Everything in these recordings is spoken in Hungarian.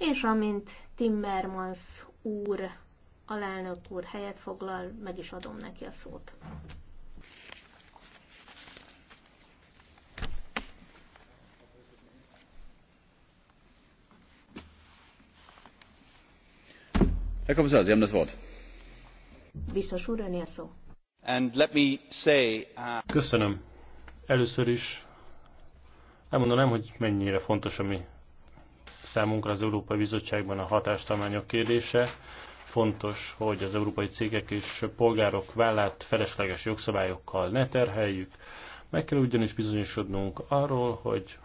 és amint Timmermans úr, alelnök úr helyet foglal, meg is adom neki a szót. Herr Kommissar, Sie haben das Wort. Uh, Köszönöm. Először is elmondanám, hogy mennyire fontos ami. Számunkra az Európai Bizottságban a hatástalmányok kérdése fontos, hogy az európai cégek és polgárok vállát felesleges jogszabályokkal ne terheljük. Meg kell ugyanis bizonyosodnunk arról, hogy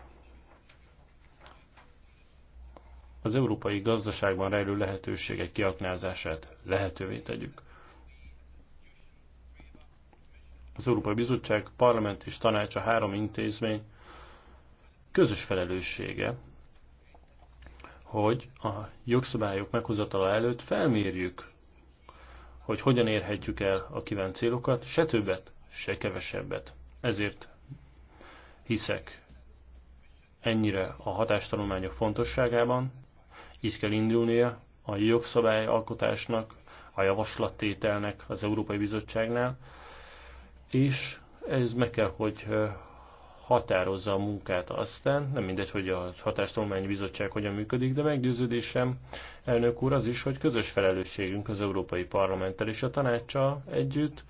az európai gazdaságban rejlő lehetőségek kiaknázását lehetővé tegyük. Az Európai Bizottság, Parlament és Tanács a három intézmény közös felelőssége, hogy a jogszabályok meghozatala előtt felmérjük, hogy hogyan érhetjük el a kívánt célokat, se többet, se kevesebbet. Ezért hiszek ennyire a hatástanulmányok fontosságában, így kell indulnia a jogszabályalkotásnak, a javaslattételnek az Európai Bizottságnál, és ez meg kell, hogy határozza a munkát aztán, nem mindegy, hogy a hatástolmányi bizottság hogyan működik, de meggyőződésem, elnök úr, az is, hogy közös felelősségünk az Európai Parlamenttel és a tanácsa együtt,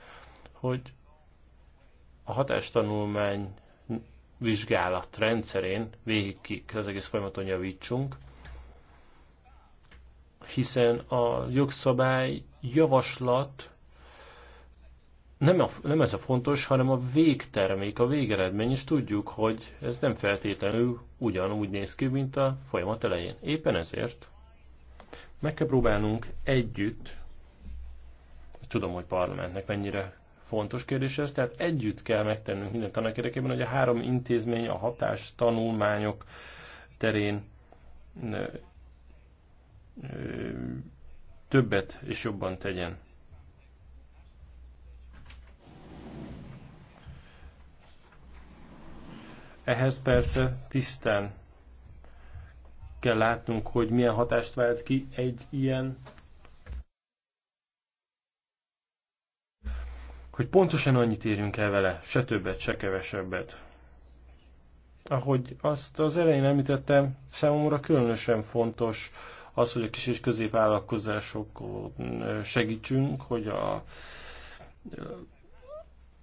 hogy a hatástanulmány vizsgálat rendszerén végig az egész folyamaton javítsunk, hiszen a jogszabály javaslat nem, a, nem ez a fontos, hanem a végtermék, a végeredmény, és tudjuk, hogy ez nem feltétlenül ugyanúgy néz ki, mint a folyamat elején. Éppen ezért meg kell próbálnunk együtt, tudom, hogy parlamentnek mennyire fontos kérdés ez, tehát együtt kell megtennünk mindent annak érdekében, hogy a három intézmény a hatás tanulmányok terén többet és jobban tegyen. Ehhez persze tisztán kell látnunk, hogy milyen hatást vált ki egy ilyen hogy pontosan annyit érjünk el vele, se többet, se kevesebbet. Ahogy azt az elején említettem, számomra különösen fontos az, hogy a kis és középvállalkozások segítsünk, hogy a,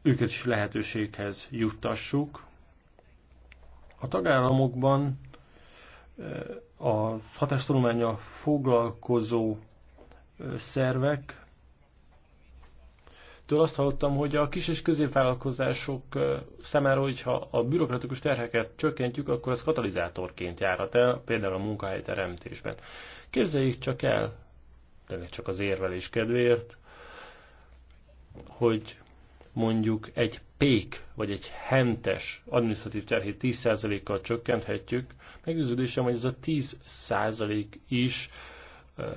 őket is lehetőséghez juttassuk. A tagállamokban e, a hatástanulmánya foglalkozó e, szervek Től azt hallottam, hogy a kis és középvállalkozások e, számára, hogyha a bürokratikus terheket csökkentjük, akkor ez katalizátorként járhat el, például a munkahelyteremtésben. Képzeljék csak el, tényleg csak az érvelés kedvéért, hogy mondjuk egy pék vagy egy hentes adminisztratív terhét 10%-kal csökkenthetjük, meggyőződésem, hogy ez a 10% is ö,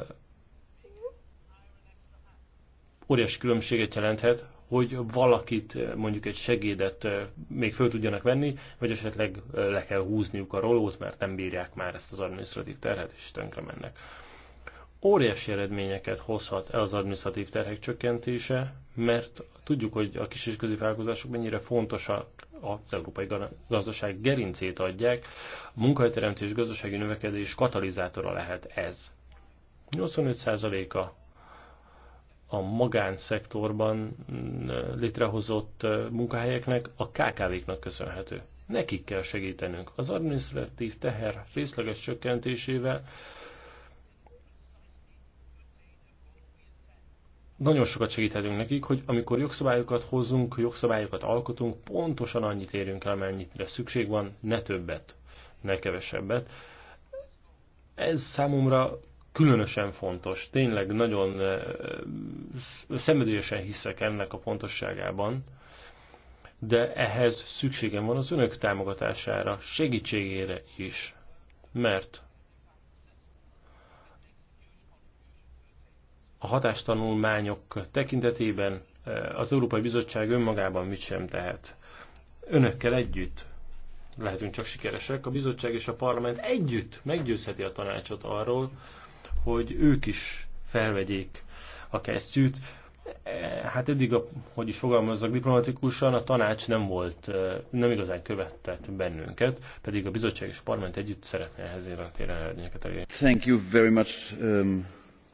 óriási különbséget jelenthet, hogy valakit, mondjuk egy segédet még föl tudjanak venni, vagy esetleg le kell húzniuk a rolót, mert nem bírják már ezt az adminisztratív terhet, és tönkre mennek. Óriási eredményeket hozhat el az adminisztratív terhek csökkentése, mert Tudjuk, hogy a kis és középvállalkozások mennyire fontosak az európai gazdaság gerincét adják. A munkahelyteremtés gazdasági növekedés katalizátora lehet ez. 85%-a a magánszektorban mm, létrehozott munkahelyeknek a KKV-knak köszönhető. Nekik kell segítenünk. Az administratív teher részleges csökkentésével nagyon sokat segíthetünk nekik, hogy amikor jogszabályokat hozzunk, jogszabályokat alkotunk, pontosan annyit érünk el, amennyitre szükség van, ne többet, ne kevesebbet. Ez számomra különösen fontos. Tényleg nagyon eh, szenvedélyesen hiszek ennek a fontosságában, de ehhez szükségem van az önök támogatására, segítségére is, mert a hatástanulmányok tekintetében e, az Európai Bizottság önmagában mit sem tehet. Önökkel együtt lehetünk csak sikeresek, a bizottság és a parlament együtt meggyőzheti a tanácsot arról, hogy ők is felvegyék a kesztyűt. E, hát eddig, a, hogy is fogalmazzak diplomatikusan, a tanács nem volt, e, nem igazán követett bennünket, pedig a bizottság és a parlament együtt szeretne ehhez a téren eredményeket elérni. Thank you very much um,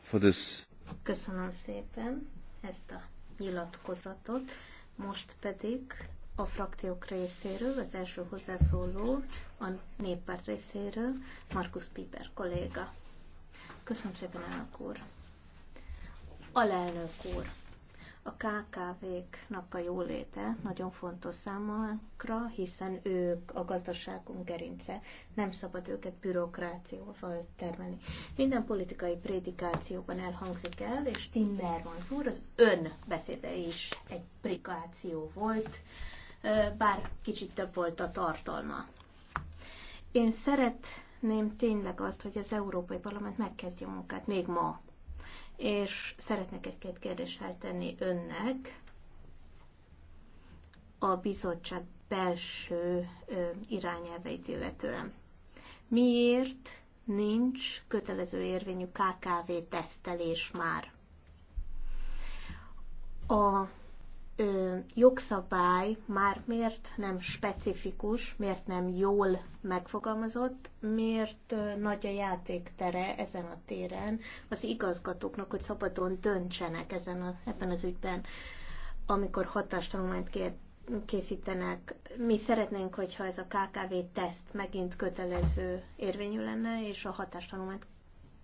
for this. Köszönöm szépen ezt a nyilatkozatot. Most pedig a frakciók részéről, az első hozzászóló a néppárt részéről, Markus Piper kolléga. Köszönöm szépen, elnök úr. Alelnök úr, a KKV-knak a jóléte nagyon fontos számunkra, hiszen ők a gazdaságunk gerince, nem szabad őket bürokrációval termelni. Minden politikai prédikációban elhangzik el, és Timmermans úr az ön beszéde is egy prikáció volt, bár kicsit több volt a tartalma. Én szeretném tényleg azt, hogy az Európai Parlament megkezdje a munkát még ma, és szeretnék egy-két kérdést feltenni önnek a bizottság belső irányelveit illetően. Miért nincs kötelező érvényű KKV tesztelés már? A ö, jogszabály már miért nem specifikus, miért nem jól megfogalmazott, miért ö, nagy a játéktere ezen a téren az igazgatóknak, hogy szabadon döntsenek ezen a, ebben az ügyben, amikor hatástanulmányt kért készítenek. Mi szeretnénk, hogyha ez a KKV teszt megint kötelező érvényű lenne, és a hatástanulmányt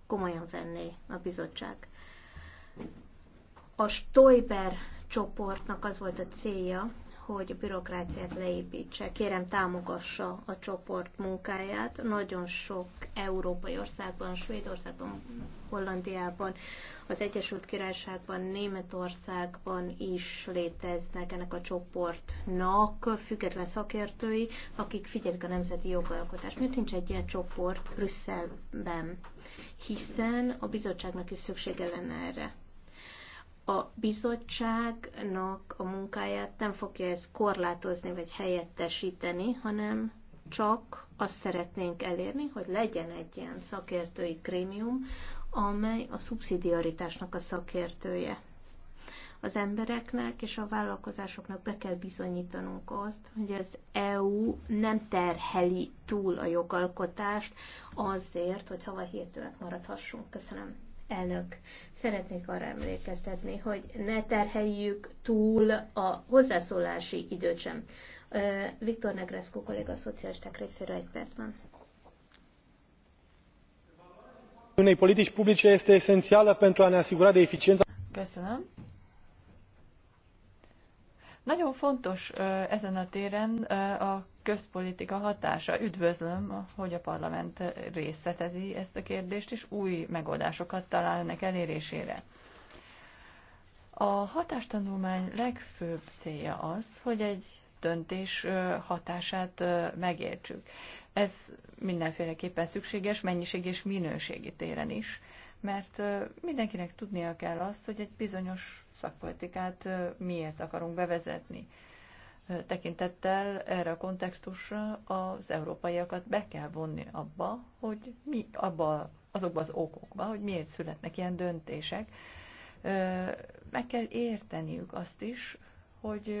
komolyan venné a bizottság. A Stoiber csoportnak az volt a célja, hogy a bürokráciát leépítse. Kérem, támogassa a csoport munkáját. Nagyon sok európai országban, Svédországban, Hollandiában, az Egyesült Királyságban, Németországban is léteznek ennek a csoportnak független szakértői, akik figyelik a nemzeti jogalkotást. Miért nincs egy ilyen csoport Brüsszelben? Hiszen a bizottságnak is szüksége lenne erre. A bizottságnak a munkáját nem fogja ez korlátozni vagy helyettesíteni, hanem csak azt szeretnénk elérni, hogy legyen egy ilyen szakértői krémium, amely a szubszidiaritásnak a szakértője. Az embereknek és a vállalkozásoknak be kell bizonyítanunk azt, hogy az EU nem terheli túl a jogalkotást azért, hogy szavahihetőek maradhassunk. Köszönöm elnök, szeretnék arra emlékeztetni, hogy ne terheljük túl a hozzászólási időt sem. Viktor Negreszkó kolléga a szocialisták részéről egy percben. unei politici publice este esențială pentru a ne asigura de eficiența. Köszönöm. Nagyon fontos ezen a téren a közpolitika hatása. Üdvözlöm, hogy a parlament részletezi ezt a kérdést, és új megoldásokat talál ennek elérésére. A hatástanulmány legfőbb célja az, hogy egy döntés hatását megértsük. Ez mindenféleképpen szükséges mennyiség és minőségi téren is, mert mindenkinek tudnia kell azt, hogy egy bizonyos szakpolitikát miért akarunk bevezetni tekintettel erre a kontextusra az európaiakat be kell vonni abba, hogy mi abba azokba az okokba, hogy miért születnek ilyen döntések. Meg kell érteniük azt is, hogy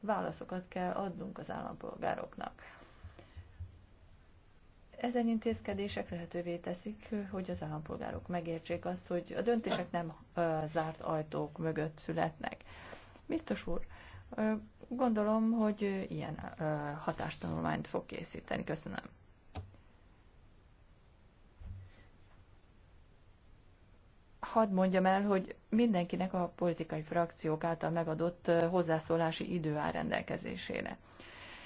válaszokat kell adnunk az állampolgároknak. Ezen intézkedések lehetővé teszik, hogy az állampolgárok megértsék azt, hogy a döntések nem zárt ajtók mögött születnek. Biztos úr, Gondolom, hogy ilyen hatástanulmányt fog készíteni. Köszönöm. hadd mondjam el, hogy mindenkinek a politikai frakciók által megadott hozzászólási idő áll rendelkezésére.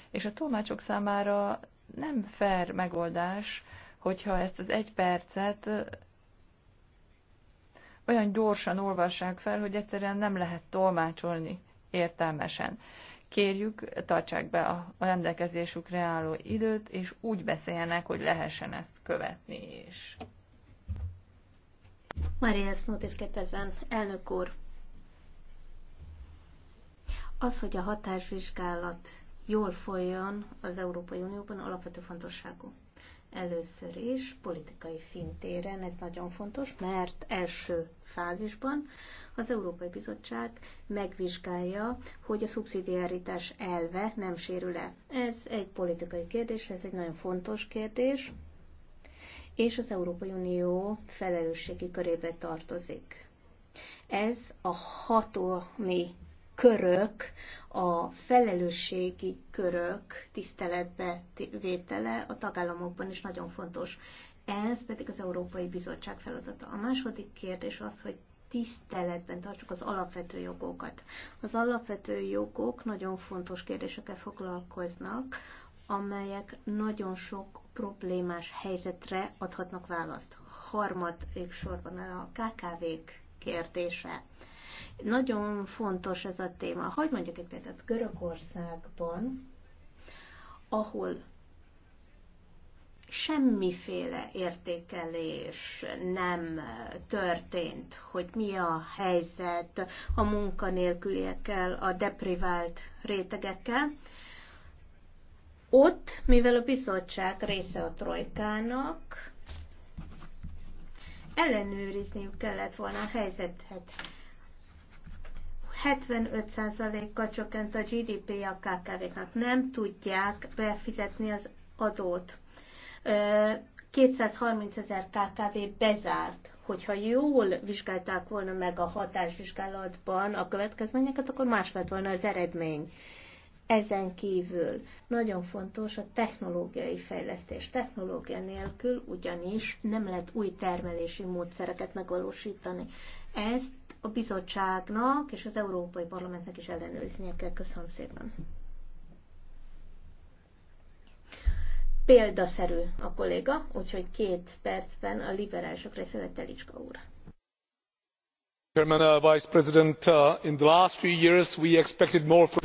És a tolmácsok számára nem fair megoldás, hogyha ezt az egy percet olyan gyorsan olvassák fel, hogy egyszerűen nem lehet tolmácsolni értelmesen. Kérjük, tartsák be a rendelkezésükre álló időt, és úgy beszéljenek, hogy lehessen ezt követni is. Maria Snotis 2000, elnök úr. Az, hogy a hatásvizsgálat jól folyjon az Európai Unióban alapvető fontosságú. Először is politikai szintéren ez nagyon fontos, mert első fázisban az Európai Bizottság megvizsgálja, hogy a szubszidiaritás elve nem sérül-e. Ez egy politikai kérdés, ez egy nagyon fontos kérdés, és az Európai Unió felelősségi körébe tartozik. Ez a hatalmi körök, a felelősségi körök tiszteletbe vétele a tagállamokban is nagyon fontos. Ez pedig az Európai Bizottság feladata. A második kérdés az, hogy tiszteletben tartsuk az alapvető jogokat. Az alapvető jogok nagyon fontos kérdésekkel foglalkoznak, amelyek nagyon sok problémás helyzetre adhatnak választ. Harmadik sorban a KKV-k kérdése. Nagyon fontos ez a téma. Hogy mondjuk egy példát, Görögországban, ahol semmiféle értékelés nem történt, hogy mi a helyzet a munkanélküliekkel, a deprivált rétegekkel. Ott, mivel a bizottság része a trojkának, ellenőrizniük kellett volna a helyzetet. 75%-kal csökkent a gdp a KKV-knak. Nem tudják befizetni az adót. 230 ezer KKV bezárt. Hogyha jól vizsgálták volna meg a hatásvizsgálatban a következményeket, akkor más lett volna az eredmény. Ezen kívül nagyon fontos a technológiai fejlesztés. Technológia nélkül ugyanis nem lehet új termelési módszereket megvalósítani. Ezt a bizottságnak és az Európai Parlamentnek is ellenőriznie kell. Köszönöm szépen. Példaszerű a kolléga, úgyhogy két percben a liberálisok részére Telicska úr.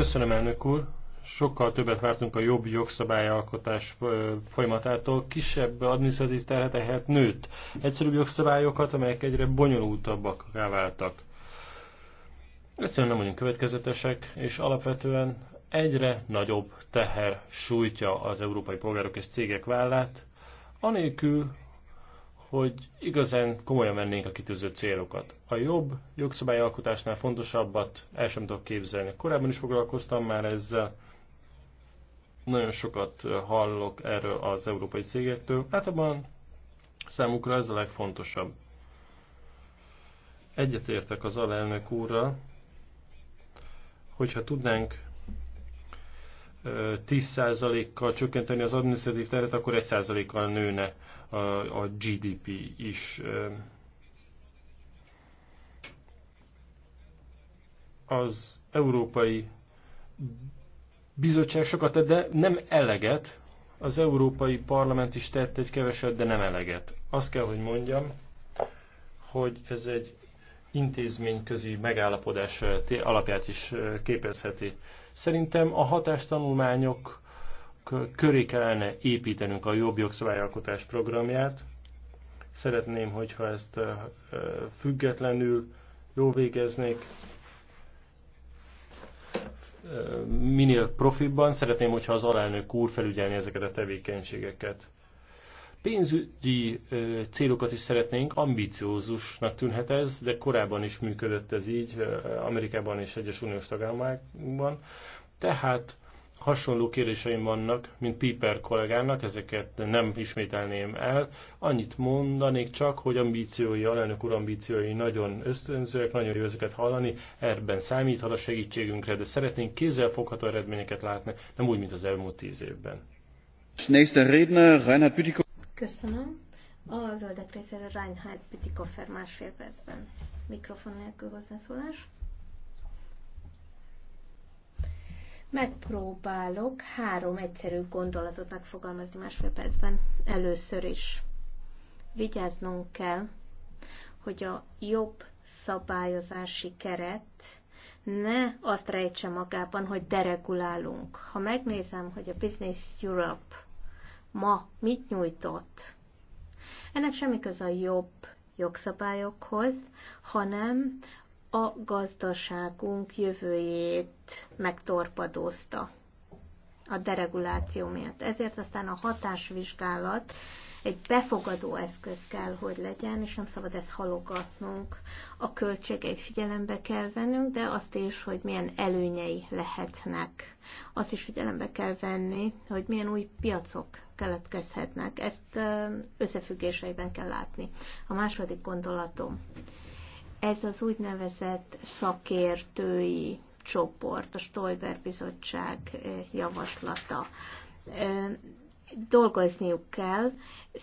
Köszönöm, elnök úr. Sokkal többet vártunk a jobb jogszabályalkotás uh, folyamatától, kisebb adminisztratív terhet nőtt. Egyszerűbb jogszabályokat, amelyek egyre bonyolultabbak váltak egyszerűen nem vagyunk következetesek, és alapvetően egyre nagyobb teher sújtja az európai polgárok és cégek vállát, anélkül, hogy igazán komolyan vennénk a kitűző célokat. A jobb jogszabályalkotásnál fontosabbat el sem tudok képzelni. Korábban is foglalkoztam már ezzel, nagyon sokat hallok erről az európai cégektől, hát abban számukra ez a legfontosabb. Egyetértek az alelnök úrral, hogyha tudnánk 10%-kal csökkenteni az adminisztratív teret, akkor 1%-kal nőne a, GDP is. Az Európai Bizottság sokat tett, de nem eleget. Az Európai Parlament is tett egy keveset, de nem eleget. Azt kell, hogy mondjam, hogy ez egy intézményközi megállapodás alapját is képezheti. Szerintem a hatástanulmányok köré kellene építenünk a jobb jogszabályalkotás programját. Szeretném, hogyha ezt függetlenül jó végeznék, minél profibban. Szeretném, hogyha az alelnök úr felügyelni ezeket a tevékenységeket. Pénzügyi célokat is szeretnénk, ambiciózusnak tűnhet ez, de korábban is működött ez így Amerikában és egyes uniós tagállamokban. Tehát hasonló kéréseim vannak, mint Piper kollégának, ezeket nem ismételném el. Annyit mondanék csak, hogy ambíciói, alelnök úr ambíciói nagyon ösztönzőek, nagyon jó ezeket hallani, erben számíthat a segítségünkre, de szeretnénk kézzelfogható eredményeket látni, nem úgy, mint az elmúlt tíz évben. Nächster Redner, Reinhard Bütikow. Köszönöm. A zöldek részéről Reinhard Pütikoffer másfél percben. Mikrofon nélkül hozzászólás. Megpróbálok három egyszerű gondolatot megfogalmazni másfél percben. Először is vigyáznunk kell, hogy a jobb szabályozási keret ne azt rejtse magában, hogy deregulálunk. Ha megnézem, hogy a Business Europe ma mit nyújtott. Ennek semmi köze a jobb jogszabályokhoz, hanem a gazdaságunk jövőjét megtorpadózta a dereguláció miatt. Ezért aztán a hatásvizsgálat egy befogadó eszköz kell, hogy legyen, és nem szabad ezt halogatnunk. A költségeit figyelembe kell vennünk, de azt is, hogy milyen előnyei lehetnek. Azt is figyelembe kell venni, hogy milyen új piacok keletkezhetnek. Ezt összefüggéseiben kell látni. A második gondolatom. Ez az úgynevezett szakértői csoport, a Stolber Bizottság javaslata dolgozniuk kell.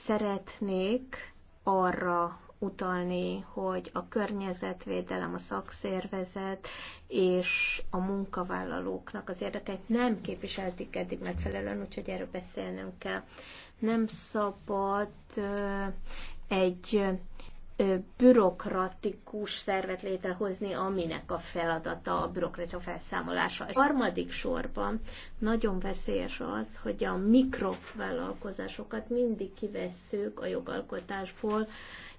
Szeretnék arra utalni, hogy a környezetvédelem, a szakszervezet és a munkavállalóknak az érdekeit nem képviseltik eddig megfelelően, úgyhogy erről beszélnünk kell. Nem szabad egy bürokratikus szervet létrehozni, aminek a feladata a bürokratia felszámolása. A harmadik sorban nagyon veszélyes az, hogy a mikrovállalkozásokat mindig kivesszük a jogalkotásból,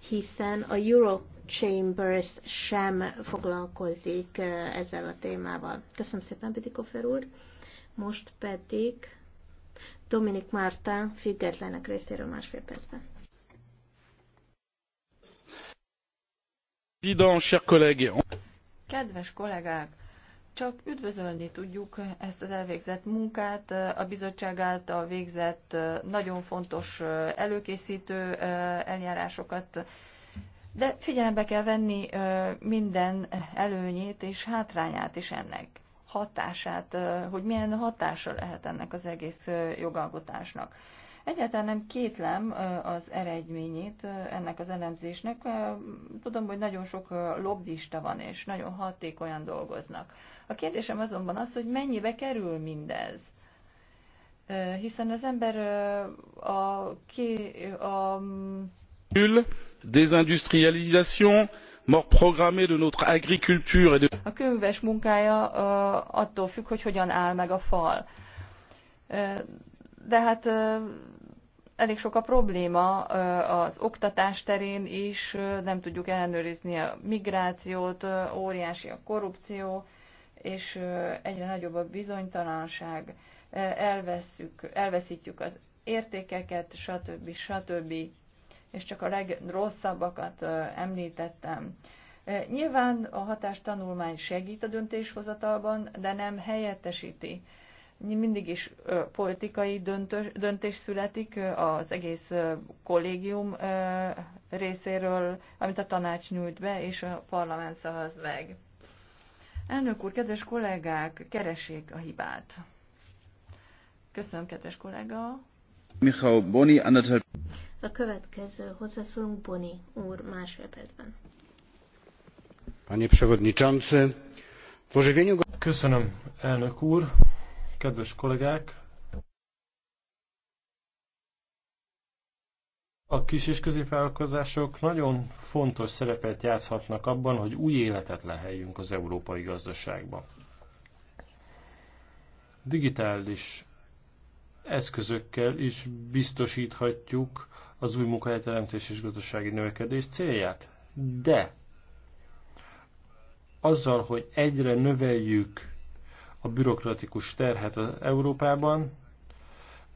hiszen a Europe Chambers sem foglalkozik ezzel a témával. Köszönöm szépen, Pidikofer úr. Most pedig Dominik Márta függetlenek részéről másfél percben. Kedves kollégák! Csak üdvözölni tudjuk ezt az elvégzett munkát, a bizottság által végzett nagyon fontos előkészítő eljárásokat, de figyelembe kell venni minden előnyét és hátrányát is ennek, hatását, hogy milyen hatása lehet ennek az egész jogalkotásnak. Egyáltalán nem kétlem az eredményét ennek az elemzésnek. Tudom, hogy nagyon sok lobbista van, és nagyon hatékonyan dolgoznak. A kérdésem azonban az, hogy mennyibe kerül mindez? Hiszen az ember a, ki, a désindustrialisation, mort programmée de notre agriculture et de... A könyves munkája attól függ, hogy hogyan áll meg a fal de hát elég sok a probléma az oktatás terén is, nem tudjuk ellenőrizni a migrációt, óriási a korrupció, és egyre nagyobb a bizonytalanság, elveszük, elveszítjük az értékeket, stb. stb. És csak a legrosszabbakat említettem. Nyilván a hatástanulmány segít a döntéshozatalban, de nem helyettesíti mindig is politikai döntös, döntés születik az egész kollégium részéről, amit a tanács nyújt be, és a parlament szavaz meg. Elnök úr, kedves kollégák, keresék a hibát. Köszönöm, kedves kollega. Michał Boni, Anatol. A következő hozzászólunk Boni úr másfél percben. Köszönöm, elnök úr. Kedves kollégák! A kis és középvállalkozások nagyon fontos szerepet játszhatnak abban, hogy új életet leheljünk az európai gazdaságba. Digitális eszközökkel is biztosíthatjuk az új munkahelyteremtés és gazdasági növekedés célját. De azzal, hogy egyre növeljük a bürokratikus terhet az Európában,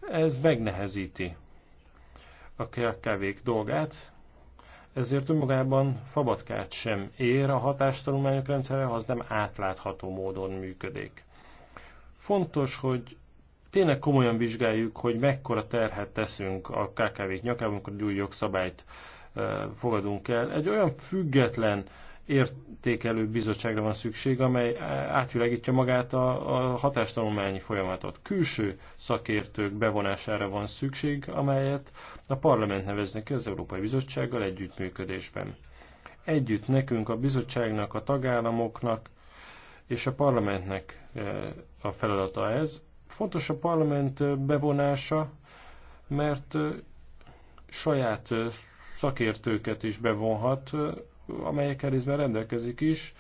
ez megnehezíti a kevék dolgát, ezért önmagában fabatkát sem ér a hatástanulmányok rendszere, az nem átlátható módon működik. Fontos, hogy tényleg komolyan vizsgáljuk, hogy mekkora terhet teszünk a KKV-k nyakában, amikor új jogszabályt fogadunk el. Egy olyan független értékelő bizottságra van szükség, amely átvilágítja magát a, a hatástanulmányi folyamatot. Külső szakértők bevonására van szükség, amelyet a parlament neveznek ki az Európai Bizottsággal együttműködésben. Együtt nekünk, a bizottságnak, a tagállamoknak és a parlamentnek eh, a feladata ez. Fontos a parlament eh, bevonása, mert eh, saját szakértőket is bevonhat, amelyekkel részben rendelkezik is.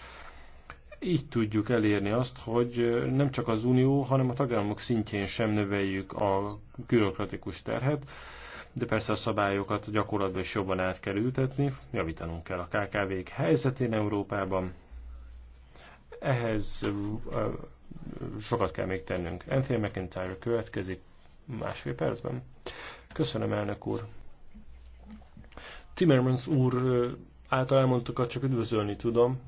Így tudjuk elérni azt, hogy nem csak az Unió, hanem a tagállamok szintjén sem növeljük a bürokratikus terhet, de persze a szabályokat gyakorlatban is jobban át kell ültetni, javítanunk kell a KKV-k helyzetén Európában. Ehhez sokat kell még tennünk. Anthony McIntyre következik másfél percben. Köszönöm, elnök úr. Timmermans úr által elmondtukat csak üdvözölni tudom,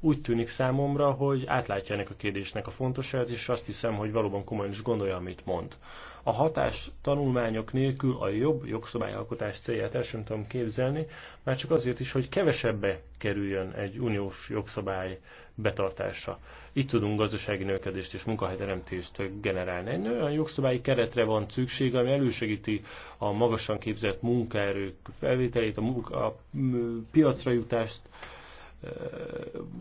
úgy tűnik számomra, hogy átlátja ennek a kérdésnek a fontosságát, és azt hiszem, hogy valóban komolyan is gondolja, amit mond. A hatás tanulmányok nélkül a jobb jogszabályalkotás célját el sem tudom képzelni, már csak azért is, hogy kevesebbe kerüljön egy uniós jogszabály betartása. Itt tudunk gazdasági növekedést és munkahelyteremtést generálni. Egy olyan jogszabályi keretre van szükség, ami elősegíti a magasan képzett munkaerők felvételét, a, munka, a piacra jutást,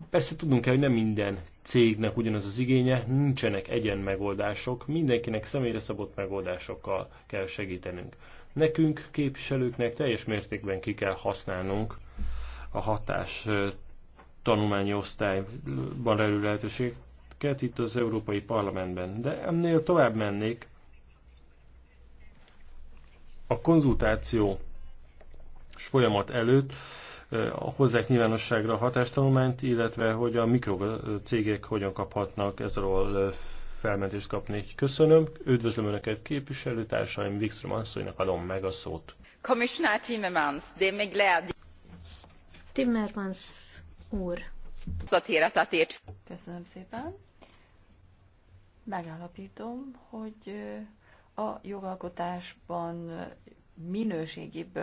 Persze tudunk kell, hogy nem minden cégnek ugyanaz az igénye, nincsenek egyen megoldások, mindenkinek személyre szabott megoldásokkal kell segítenünk. Nekünk, képviselőknek teljes mértékben ki kell használnunk a hatás tanulmányi osztályban lelő lehetőséget itt az Európai Parlamentben. De ennél tovább mennék, a konzultáció folyamat előtt hozzák nyilvánosságra a hatástanulmányt, illetve hogy a mikrocégek hogyan kaphatnak ezről felmentést kapni. Köszönöm, üdvözlöm Önöket képviselőtársaim, Wikström asszonynak adom meg a szót. Commissioner Timmermans, de még Timmermans úr. Köszönöm szépen. Megállapítom, hogy a jogalkotásban minőségibb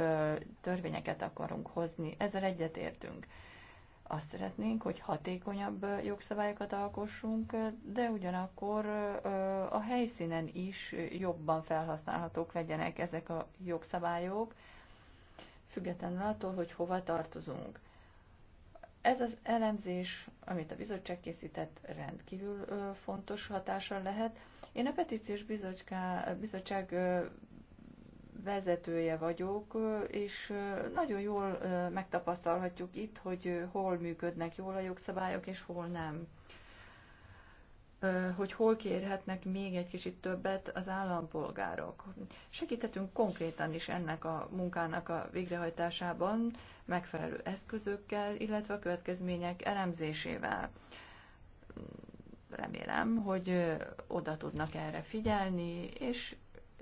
törvényeket akarunk hozni. Ezzel egyetértünk. Azt szeretnénk, hogy hatékonyabb jogszabályokat alkossunk, de ugyanakkor a helyszínen is jobban felhasználhatók legyenek ezek a jogszabályok, függetlenül attól, hogy hova tartozunk. Ez az elemzés, amit a bizottság készített, rendkívül fontos hatással lehet. Én a petíciós bizottság vezetője vagyok, és nagyon jól megtapasztalhatjuk itt, hogy hol működnek jól a jogszabályok, és hol nem. Hogy hol kérhetnek még egy kicsit többet az állampolgárok. Segíthetünk konkrétan is ennek a munkának a végrehajtásában, megfelelő eszközökkel, illetve a következmények elemzésével. Remélem, hogy oda tudnak erre figyelni, és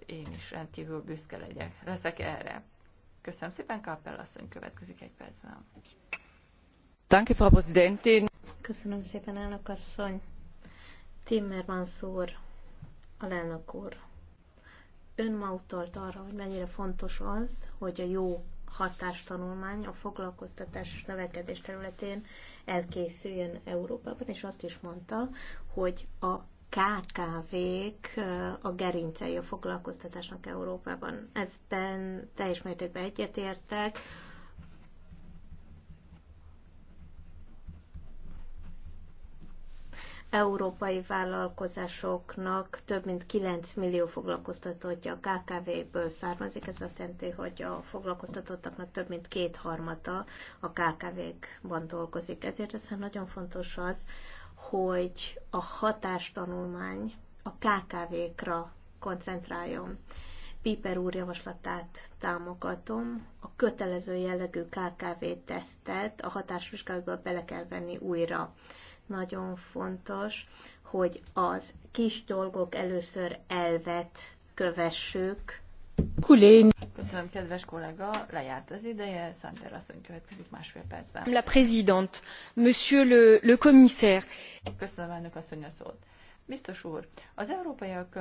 én is rendkívül büszke legyek, leszek erre. Köszönöm szépen, Kappel asszony következik egy percben. Danke, Frau Präsidentin. Köszönöm szépen, elnök asszony. Timmermans úr, alelnök úr, ön ma utalt arra, hogy mennyire fontos az, hogy a jó hatástanulmány a foglalkoztatás és növekedés területén elkészüljön Európában, és azt is mondta, hogy a KKV-k a gerincei a foglalkoztatásnak Európában. Ezben teljes mértékben egyetértek. európai vállalkozásoknak több mint 9 millió foglalkoztatottja a KKV-ből származik. Ez azt jelenti, hogy a foglalkoztatottaknak több mint kétharmata a KKV-kban dolgozik. Ezért aztán nagyon fontos az, hogy a hatástanulmány a KKV-kra koncentráljon. Piper úr javaslatát támogatom. A kötelező jellegű KKV-tesztet a hatásvizsgálatba bele kell venni újra. Nagyon fontos, hogy az kis dolgok először elvet kövessük, Kulén. Köszönöm, kedves kollega, lejárt az ideje, Szanter asszony következik másfél percben. La présidente, monsieur le, le commissaire. Köszönöm, elnök asszony a szót. Biztos úr, az európaiak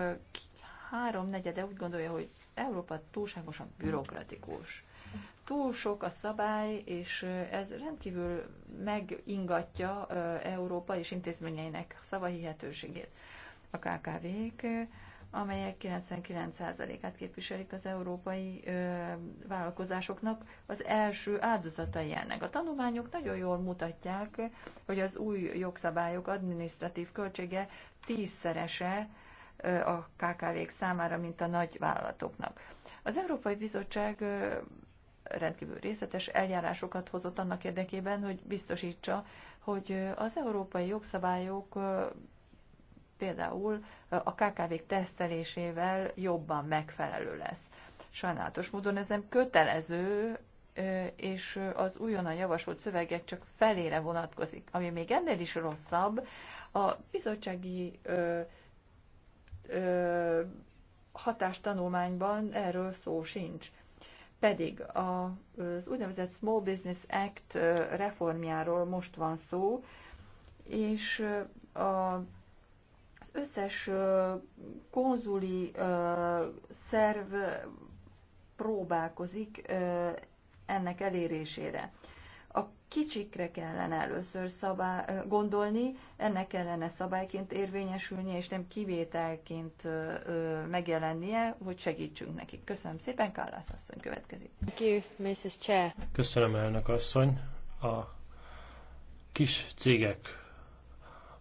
háromnegyede úgy gondolja, hogy Európa túlságosan bürokratikus. Túl sok a szabály, és ez rendkívül megingatja Európa és intézményeinek szavahihetőségét. A KKV-k amelyek 99%-át képviselik az európai ö, vállalkozásoknak, az első áldozatai ennek. A tanulmányok nagyon jól mutatják, hogy az új jogszabályok adminisztratív költsége tízszerese ö, a KKV-k számára, mint a nagy vállalatoknak. Az Európai Bizottság ö, rendkívül részletes eljárásokat hozott annak érdekében, hogy biztosítsa, hogy az európai jogszabályok például a KKV-k tesztelésével jobban megfelelő lesz. Sajnálatos módon ez nem kötelező, és az újonnan javasolt szövegek csak felére vonatkozik. Ami még ennél is rosszabb, a bizottsági ö, ö, hatástanulmányban erről szó sincs. Pedig az úgynevezett Small Business Act reformjáról most van szó, és a összes konzuli szerv próbálkozik ennek elérésére. A kicsikre kellene először szabály, gondolni, ennek kellene szabályként érvényesülnie, és nem kivételként megjelennie, hogy segítsünk nekik. Köszönöm szépen, Kállász asszony következik. Thank you, Mrs. Chair. Köszönöm, elnök asszony. A kis cégek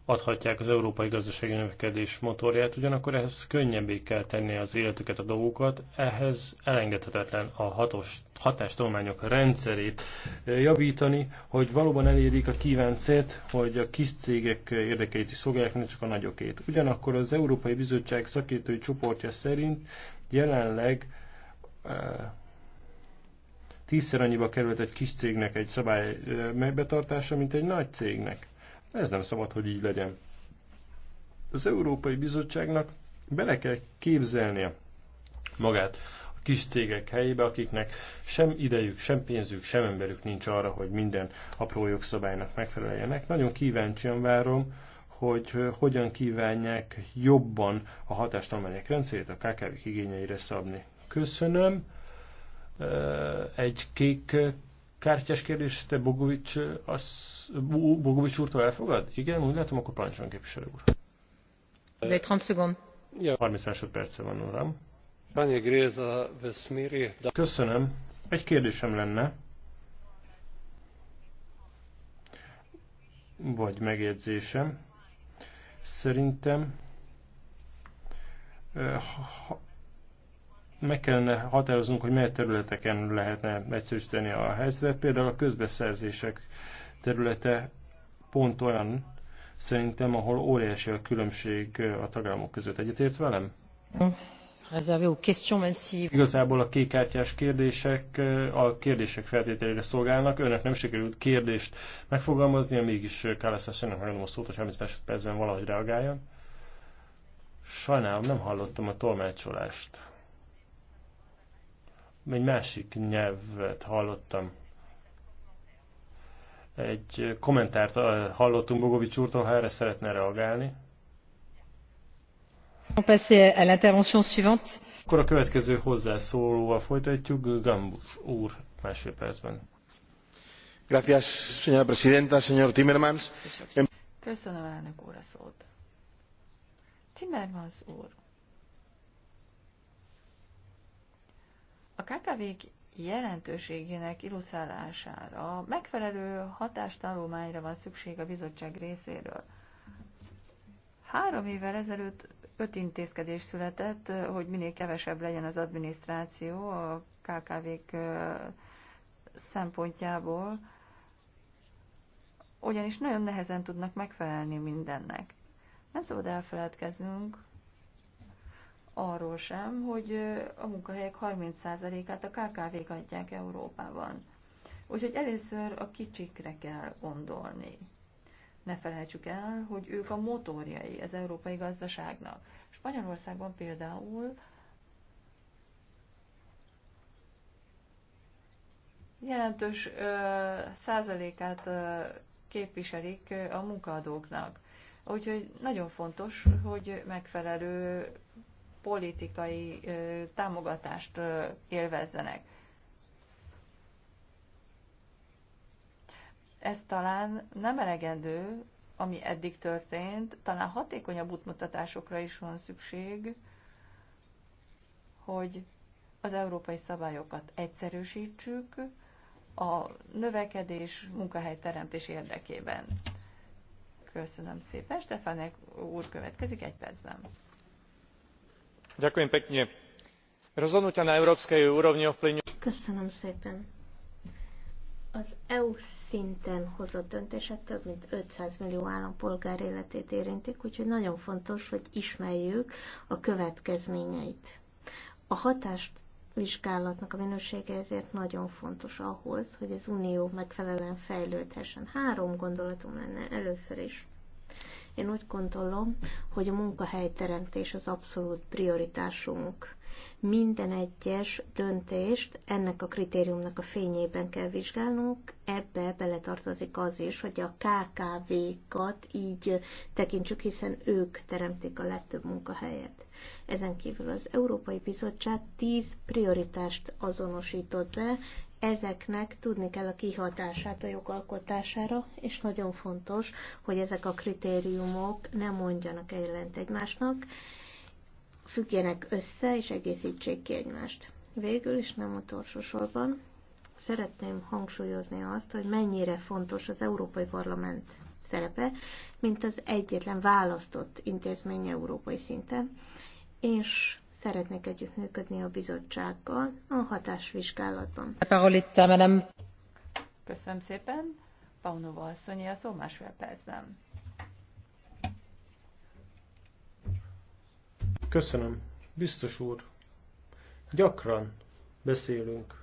adhatják az európai gazdasági növekedés motorját, ugyanakkor ehhez könnyebbé kell tenni az életüket, a dolgokat, ehhez elengedhetetlen a hatos, hatástolmányok rendszerét eh, javítani, hogy valóban elérjék a kívánt célt, hogy a kis cégek érdekeit is szolgálják, nem csak a nagyokét. Ugyanakkor az Európai Bizottság szakértői csoportja szerint jelenleg eh, tízszer annyiba került egy kis cégnek egy szabály eh, megbetartása, mint egy nagy cégnek ez nem szabad, hogy így legyen. Az Európai Bizottságnak bele kell képzelnie magát a kis cégek helyébe, akiknek sem idejük, sem pénzük, sem emberük nincs arra, hogy minden apró jogszabálynak megfeleljenek. Nagyon kíváncsian várom, hogy hogyan kívánják jobban a hatástalmányok rendszerét a KKV igényeire szabni. Köszönöm. Egy kék kártyás kérdés, te Bogovics, az Bogovics úrtól elfogad? Igen, úgy látom, akkor parancsoljon képviselő úr. Ez egy 30 szegond. Ja. 30 másodperce van, uram. Köszönöm. Egy kérdésem lenne. Vagy megjegyzésem. Szerintem ha, meg kellene határoznunk, hogy mely területeken lehetne egyszerűsíteni a helyzetet, például a közbeszerzések területe pont olyan, szerintem, ahol óriási a különbség a tagállamok között. Egyetért velem? Igazából a kékártyás kérdések a kérdések feltételére szolgálnak. Önnek nem sikerült kérdést megfogalmazni, mégis Kálasz önnek megadom a szót, hogy 30 másodpercben valahogy reagáljon. Sajnálom, nem hallottam a tolmácsolást. Egy másik nyelvet hallottam. Egy kommentárt eh, hallottunk Bogovics úrtól, ha erre szeretne reagálni. Akkor a következő hozzászólóval folytatjuk, Gambus úr másfél percben. Gracias, señora presidenta, señor Timmermans. Köszönöm, elnök úr, a szót. Timmermans úr, a KKV-k jelentőségének illusztrálására megfelelő hatástanulmányra van szükség a bizottság részéről. Három évvel ezelőtt öt intézkedés született, hogy minél kevesebb legyen az adminisztráció a KKV-k szempontjából, ugyanis nagyon nehezen tudnak megfelelni mindennek. Nem szabad elfeledkeznünk arról sem, hogy a munkahelyek 30%-át a KKV-k adják Európában. Úgyhogy először a kicsikre kell gondolni. Ne felejtsük el, hogy ők a motorjai az európai gazdaságnak. Spanyolországban például jelentős ö, százalékát ö, képviselik a munkaadóknak. Úgyhogy nagyon fontos, hogy megfelelő politikai támogatást élvezzenek. Ez talán nem elegendő, ami eddig történt, talán hatékonyabb útmutatásokra is van szükség, hogy az európai szabályokat egyszerűsítsük a növekedés, munkahelyteremtés érdekében. Köszönöm szépen. Stefanek úr következik egy percben rozhodnutia na európskej úrovni ovplyvňujú. az eu szinten hozott döntések több mint 500 millió állampolgár életét érintik, úgyhogy nagyon fontos, hogy ismerjük a következményeit. A hatást vizsgálatnak a minősége ezért nagyon fontos ahhoz, hogy az unió megfelelően fejlődhessen. Három gondolatom lenne először is én úgy gondolom, hogy a munkahelyteremtés az abszolút prioritásunk. Minden egyes döntést ennek a kritériumnak a fényében kell vizsgálnunk, ebbe beletartozik az is, hogy a KKV-kat így tekintsük, hiszen ők teremtik a legtöbb munkahelyet. Ezen kívül az Európai Bizottság 10 prioritást azonosított be, ezeknek tudni kell a kihatását a jogalkotására, és nagyon fontos, hogy ezek a kritériumok ne mondjanak ellent egymásnak, függjenek össze és egészítsék ki egymást. Végül, és nem utolsó sorban, szeretném hangsúlyozni azt, hogy mennyire fontos az Európai Parlament szerepe, mint az egyetlen választott intézmény európai szinten, és szeretnék együttműködni a bizottsággal a hatásvizsgálatban. Köszönöm szépen. Paunova asszonyi a szó másfél percben. Köszönöm. Biztos úr, gyakran beszélünk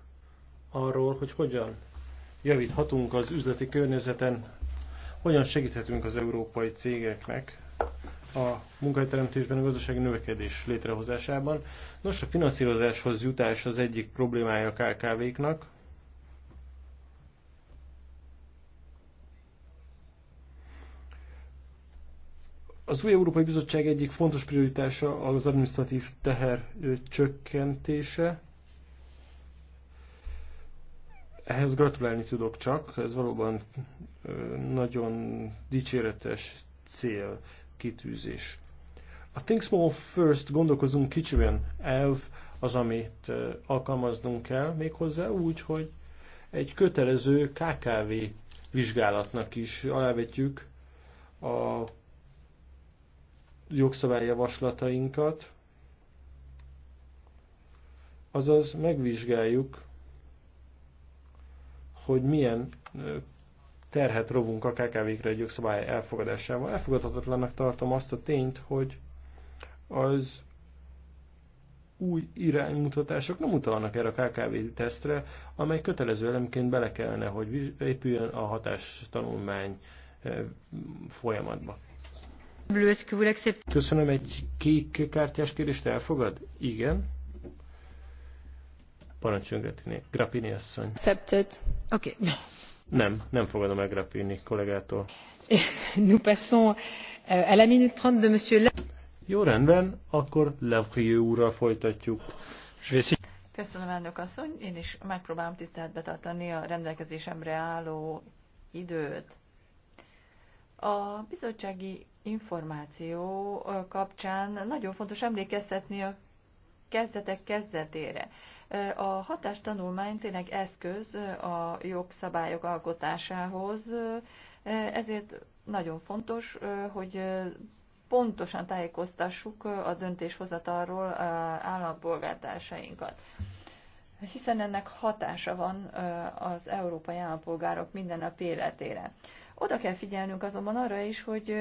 arról, hogy hogyan javíthatunk az üzleti környezeten, hogyan segíthetünk az európai cégeknek, a munkahelyteremtésben, a gazdasági növekedés létrehozásában. Nos, a finanszírozáshoz jutás az egyik problémája a KKV-knak. Az új Európai Bizottság egyik fontos prioritása az administratív teher csökkentése. Ehhez gratulálni tudok csak, ez valóban nagyon dicséretes cél kitűzés. A Think Small First, gondolkozunk kicsiben elv az, amit alkalmaznunk kell, méghozzá úgy, hogy egy kötelező KKV vizsgálatnak is alávetjük a jogszabályjavaslatainkat, azaz megvizsgáljuk, hogy milyen terhet rovunk a KKV-kre egy jogszabály elfogadásával. Elfogadhatatlannak tartom azt a tényt, hogy az új iránymutatások nem utalnak erre a KKV tesztre, amely kötelező elemként bele kellene, hogy épüljön a hatástanulmány eh, folyamatba. Köszönöm, egy kék kártyás kérdést elfogad? Igen. Parancsoljon, Grappini asszony. Accepted. Oké. Okay. Nem, nem fogadom el Grappini kollégától. Nous passons euh, à la minute 30 de monsieur Le... Jó rendben, akkor Levrieux úrral folytatjuk. Köszönöm, elnök asszony. Én is megpróbálom tisztelt betartani a rendelkezésemre álló időt. A bizottsági információ kapcsán nagyon fontos emlékeztetni a kezdetek kezdetére. A hatástanulmány tényleg eszköz a jogszabályok alkotásához, ezért nagyon fontos, hogy pontosan tájékoztassuk a döntéshozatalról állampolgártársainkat. Hiszen ennek hatása van az európai állampolgárok minden nap életére. Oda kell figyelnünk azonban arra is, hogy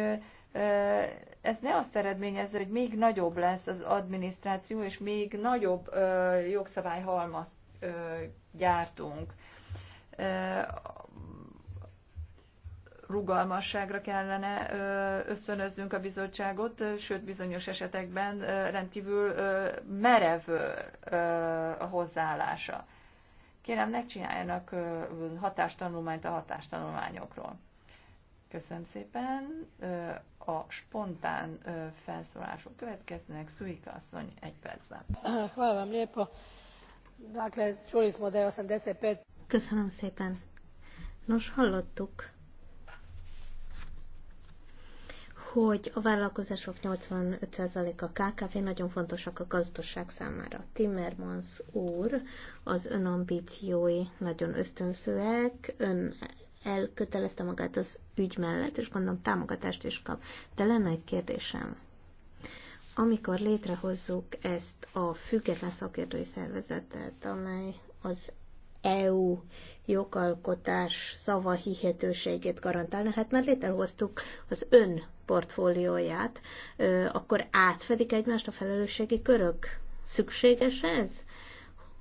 ez ne azt eredményezze, hogy még nagyobb lesz az adminisztráció, és még nagyobb ö, jogszabályhalmaz ö, gyártunk. Ö, rugalmasságra kellene összönöznünk a bizottságot, sőt bizonyos esetekben rendkívül merev a hozzáállása. Kérem, ne csináljanak hatástanulmányt a hatástanulmányokról. Köszönöm szépen a spontán felszólások következnek. Szuika asszony, egy percben. Hvala lépa. Köszönöm szépen. Nos, hallottuk, hogy a vállalkozások 85%-a KKV nagyon fontosak a gazdaság számára. Timmermans úr, az önambíciói nagyon ösztönzőek, ön elkötelezte magát az ügy mellett, és mondom, támogatást is kap. De lenne egy kérdésem. Amikor létrehozzuk ezt a független szakértői szervezetet, amely az EU jogalkotás szava hihetőségét garantálna, hát már létrehoztuk az ön portfólióját, akkor átfedik egymást a felelősségi körök? Szükséges ez?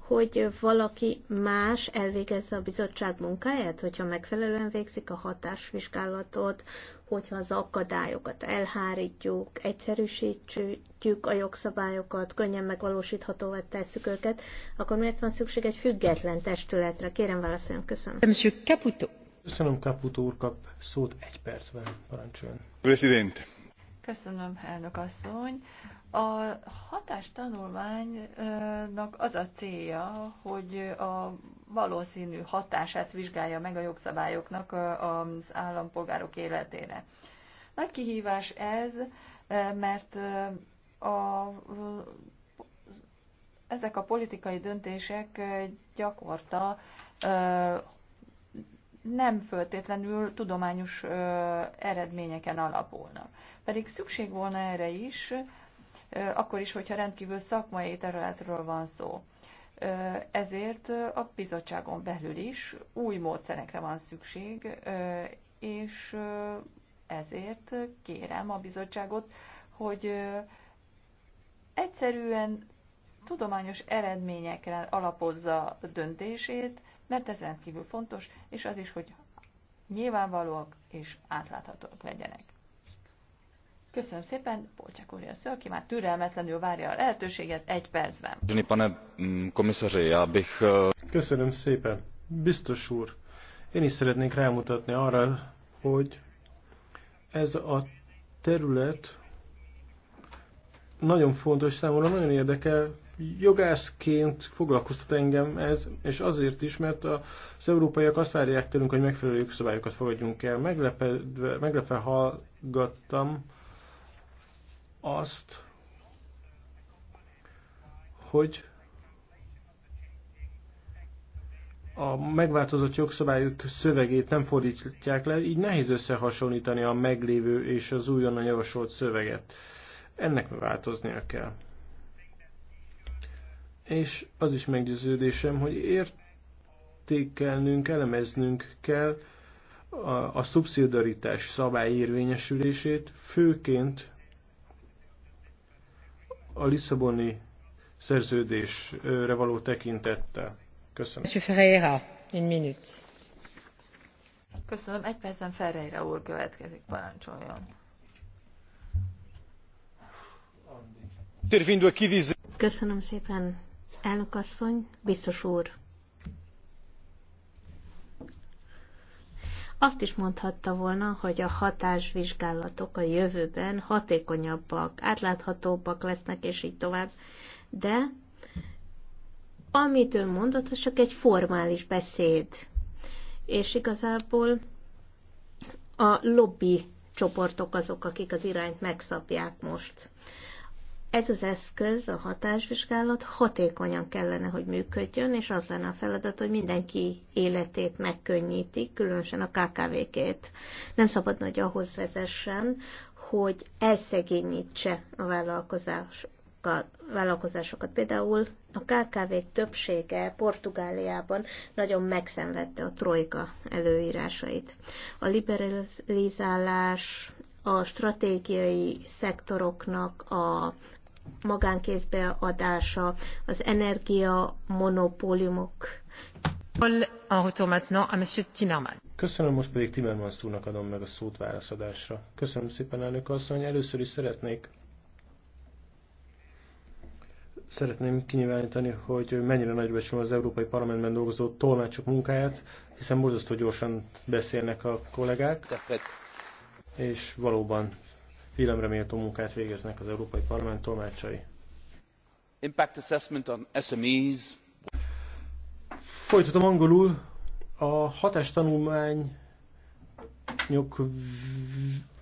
hogy valaki más elvégezze a bizottság munkáját, hogyha megfelelően végzik a hatásvizsgálatot, hogyha az akadályokat elhárítjuk, egyszerűsítjük a jogszabályokat, könnyen megvalósíthatóvá tesszük őket, akkor miért van szükség egy független testületre? Kérem válaszoljon, köszönöm. Monsieur Caputo. Köszönöm, Caputo úr kap szót egy percben, parancsoljon. Presidente. Köszönöm, elnök asszony. A hatástanulmánynak az a célja, hogy a valószínű hatását vizsgálja meg a jogszabályoknak az állampolgárok életére. Nagy kihívás ez, mert a, ezek a politikai döntések gyakorta nem föltétlenül tudományos eredményeken alapulnak. Pedig szükség volna erre is, akkor is, hogyha rendkívül szakmai területről van szó. Ezért a bizottságon belül is új módszerekre van szükség, és ezért kérem a bizottságot, hogy egyszerűen tudományos eredményekre alapozza döntését, mert ez rendkívül fontos, és az is, hogy nyilvánvalóak és átláthatóak legyenek. Köszönöm szépen, Polcsák úr, az aki már türelmetlenül várja a lehetőséget egy percben. Pane mm, eh, Köszönöm szépen, biztos úr. Én is szeretnék rámutatni arra, hogy ez a terület nagyon fontos számomra, nagyon érdekel. Jogászként foglalkoztat engem ez, és azért is, mert az európaiak azt várják tőlünk, hogy megfelelő jogszabályokat fogadjunk el. Meglepedve, meglepve hallgattam azt, hogy a megváltozott jogszabályok szövegét nem fordítják le, így nehéz összehasonlítani a meglévő és az újonnan javasolt szöveget. Ennek változnia kell. És az is meggyőződésem, hogy értékelnünk, elemeznünk kell a, a szubszidaritás szabály érvényesülését, főként a Lisszaboni szerződésre való tekintettel. Köszönöm. Ferreira, egy minut. Köszönöm. Egy percen Ferreira úr következik, parancsoljon. Köszönöm szépen, elnök asszony, biztos úr. Azt is mondhatta volna, hogy a hatásvizsgálatok a jövőben hatékonyabbak, átláthatóbbak lesznek, és így tovább. De amit ő mondott, az csak egy formális beszéd. És igazából a lobby csoportok azok, akik az irányt megszabják most ez az eszköz, a hatásvizsgálat hatékonyan kellene, hogy működjön, és az lenne a feladat, hogy mindenki életét megkönnyíti, különösen a KKV-két. Nem szabad nagy ahhoz vezessen, hogy elszegényítse a vállalkozás, vállalkozásokat. Például a KKV többsége Portugáliában nagyon megszenvedte a trojka előírásait. A liberalizálás, a stratégiai szektoroknak a magánkézbe az energia monopóliumok. Köszönöm, most pedig Timmermans úrnak adom meg a szót válaszadásra. Köszönöm szépen, elnök asszony. Először is szeretnék szeretném kinyilvánítani, hogy mennyire nagybecsülöm az Európai Parlamentben dolgozó tolmácsok munkáját, hiszen borzasztó gyorsan beszélnek a kollégák, és valóban félelemreméltó munkát végeznek az Európai Parlament tolmácsai. Impact assessment on SMEs. Folytatom angolul. A nyok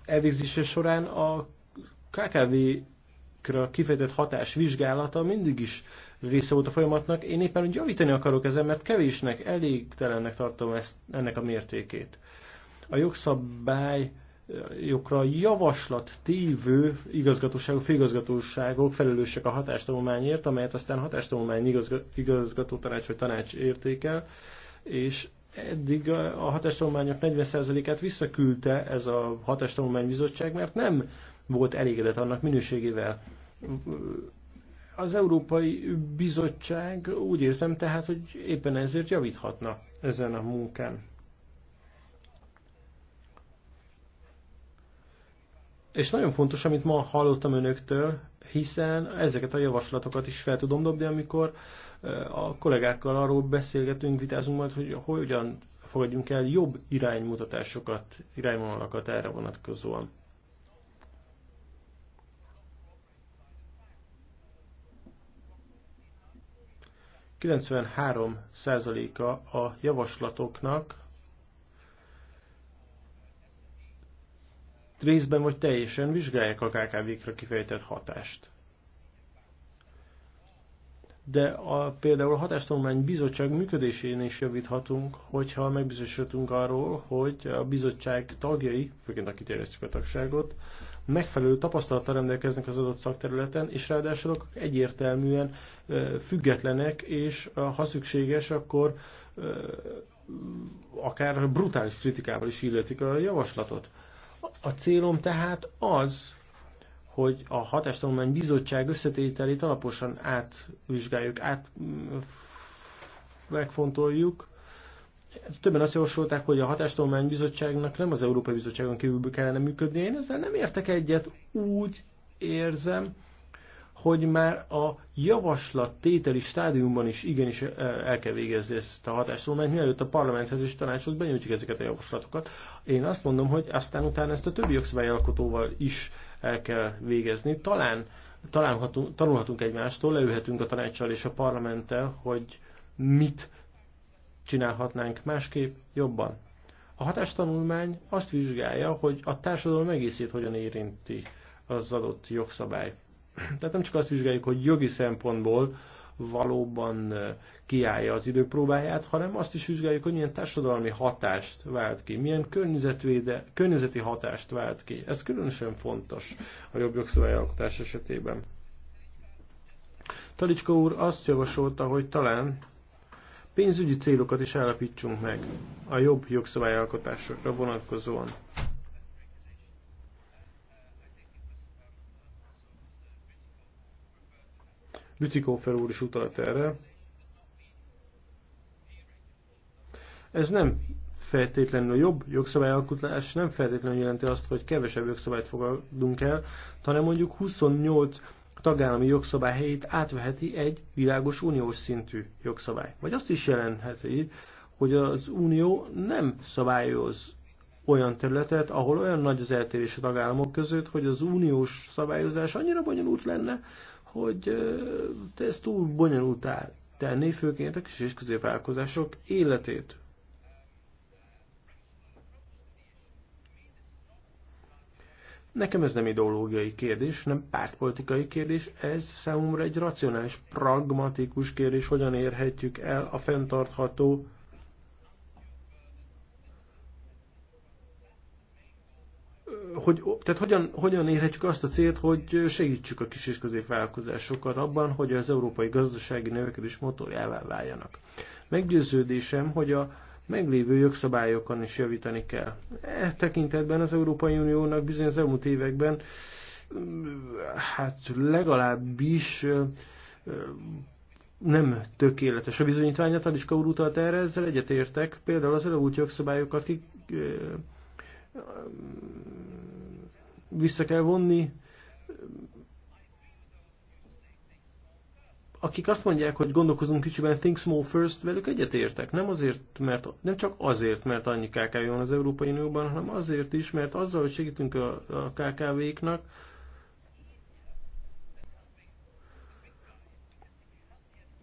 elvégzése során a KKV-kra kifejtett hatás vizsgálata mindig is része volt a folyamatnak. Én éppen úgy javítani akarok ezen, mert kevésnek, elégtelennek tartom ezt, ennek a mértékét. A jogszabály jogra javaslat tévő igazgatóságok, főigazgatóságok felelősek a hatástanulmányért, amelyet aztán hatástanulmány igazgató tanács vagy tanács értékel, és eddig a hatástanulmányok 40%-át visszaküldte ez a hatástanulmánybizottság, mert nem volt elégedett annak minőségével. Az Európai Bizottság úgy érzem tehát, hogy éppen ezért javíthatna ezen a munkán. És nagyon fontos, amit ma hallottam önöktől, hiszen ezeket a javaslatokat is fel tudom dobni, amikor a kollégákkal arról beszélgetünk, vitázunk majd, hogy hogyan fogadjunk el jobb iránymutatásokat, irányvonalakat erre vonatkozóan. százaléka a javaslatoknak részben vagy teljesen vizsgálják a KKV-kra kifejtett hatást. De a, például a hatástanulmány bizottság működésén is javíthatunk, hogyha megbizonyosodunk arról, hogy a bizottság tagjai, főként akit éreztük a tagságot, megfelelő tapasztalattal rendelkeznek az adott szakterületen, és ráadásul egyértelműen függetlenek, és ha szükséges, akkor akár brutális kritikával is illetik a javaslatot. A célom tehát az, hogy a hatástanulmány bizottság összetételét alaposan átvizsgáljuk, át mm, megfontoljuk. Többen azt javasolták, hogy a hatástanulmány bizottságnak nem az Európai Bizottságon kívül kellene működni. Én ezzel nem értek egyet, úgy érzem, hogy már a javaslat tételi stádiumban is igenis el kell végezni ezt a mert mielőtt a parlamenthez és tanácshoz benyújtjuk ezeket a javaslatokat. Én azt mondom, hogy aztán utána ezt a többi jogszabályalkotóval is el kell végezni. Talán, talán hatunk, tanulhatunk egymástól, leülhetünk a tanácssal és a parlamenttel, hogy mit csinálhatnánk másképp jobban. A hatástanulmány azt vizsgálja, hogy a társadalom egészét hogyan érinti az adott jogszabály. Tehát nem csak azt vizsgáljuk, hogy jogi szempontból valóban kiállja az idők próbáját, hanem azt is vizsgáljuk, hogy milyen társadalmi hatást vált ki, milyen környezetvéde, környezeti hatást vált ki. Ez különösen fontos a jobb jogszabályalkotás esetében. Talicska úr azt javasolta, hogy talán pénzügyi célokat is állapítsunk meg a jobb jogszabályalkotásokra vonatkozóan. Lütikófer úr is utalt erre. Ez nem feltétlenül jobb jogszabályalkotás nem feltétlenül jelenti azt, hogy kevesebb jogszabályt fogadunk el, hanem mondjuk 28 tagállami jogszabály helyét átveheti egy világos uniós szintű jogszabály. Vagy azt is jelentheti, hogy az unió nem szabályoz olyan területet, ahol olyan nagy az eltérés a tagállamok között, hogy az uniós szabályozás annyira bonyolult lenne, hogy ez túl bonyolultá tenni, főként a kis és középvállalkozások életét. Nekem ez nem ideológiai kérdés, nem pártpolitikai kérdés, ez számomra egy racionális, pragmatikus kérdés, hogyan érhetjük el a fenntartható Tehát hogyan, hogyan érhetjük azt a célt, hogy segítsük a kis és középvállalkozásokat abban, hogy az európai gazdasági növekedés motorjává váljanak? Meggyőződésem, hogy a meglévő jogszabályokon is javítani kell. E tekintetben az Európai Uniónak bizony az elmúlt években hát legalábbis nem tökéletes a bizonyítványa, Tadiska úr utalt erre, ezzel egyetértek. Például az elmúlt jogszabályokat ki, vissza kell vonni. Akik azt mondják, hogy gondolkozunk kicsiben, think small first, velük egyetértek. Nem azért, mert, nem csak azért, mert annyi KKV van az Európai Unióban, hanem azért is, mert azzal, hogy segítünk a, a KKV-knak,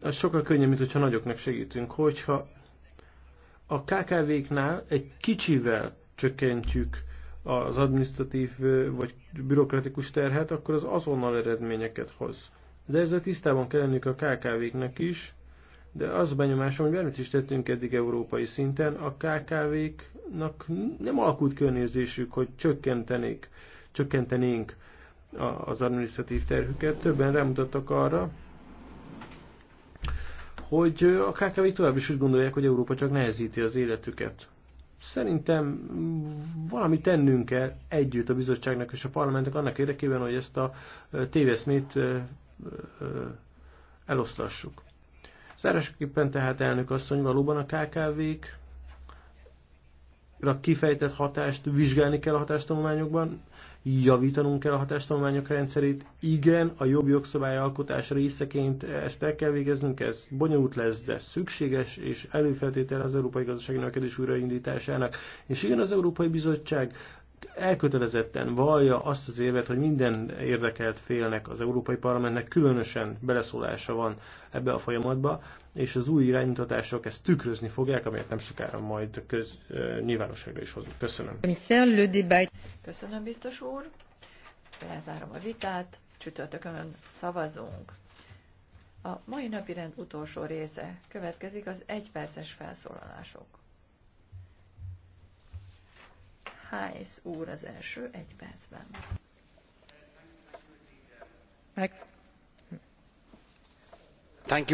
az sokkal könnyebb, mint hogyha nagyoknak segítünk. Hogyha a KKV-knál egy kicsivel csökkentjük az administratív vagy bürokratikus terhet, akkor az azonnal eredményeket hoz. De ezzel tisztában kell lennünk a KKV-knek is, de az benyomásom, hogy bármit is tettünk eddig európai szinten, a KKV-knak nem alakult környezésük, hogy csökkentenék, csökkentenénk az administratív terhüket. Többen rámutattak arra, hogy a KKV tovább is úgy gondolják, hogy Európa csak nehezíti az életüket. Szerintem valami tennünk kell együtt a bizottságnak és a parlamentnek annak érdekében, hogy ezt a téveszmét eloszlassuk. Zárásképpen tehát elnök asszony valóban a KKV-k kifejtett hatást vizsgálni kell a hatástanulmányokban, javítanunk kell a hatástanulmányok rendszerét. Igen, a jobb jogszabályalkotás részeként ezt el kell végeznünk, ez bonyolult lesz, de szükséges és előfeltétel az európai gazdasági növekedés újraindításának. És igen, az Európai Bizottság elkötelezetten vallja azt az évet, hogy minden érdekelt félnek az Európai Parlamentnek különösen beleszólása van ebbe a folyamatba, és az új iránymutatások ezt tükrözni fogják, amelyet nem sokára majd köz, nyilvánosságra is hozunk. Köszönöm. Köszönöm, biztos úr. Lezárom a vitát. Csütörtökön szavazunk. A mai napi rend utolsó része következik az egyperces felszólalások. Hayes úr az első egy percben. Meg... Thank you.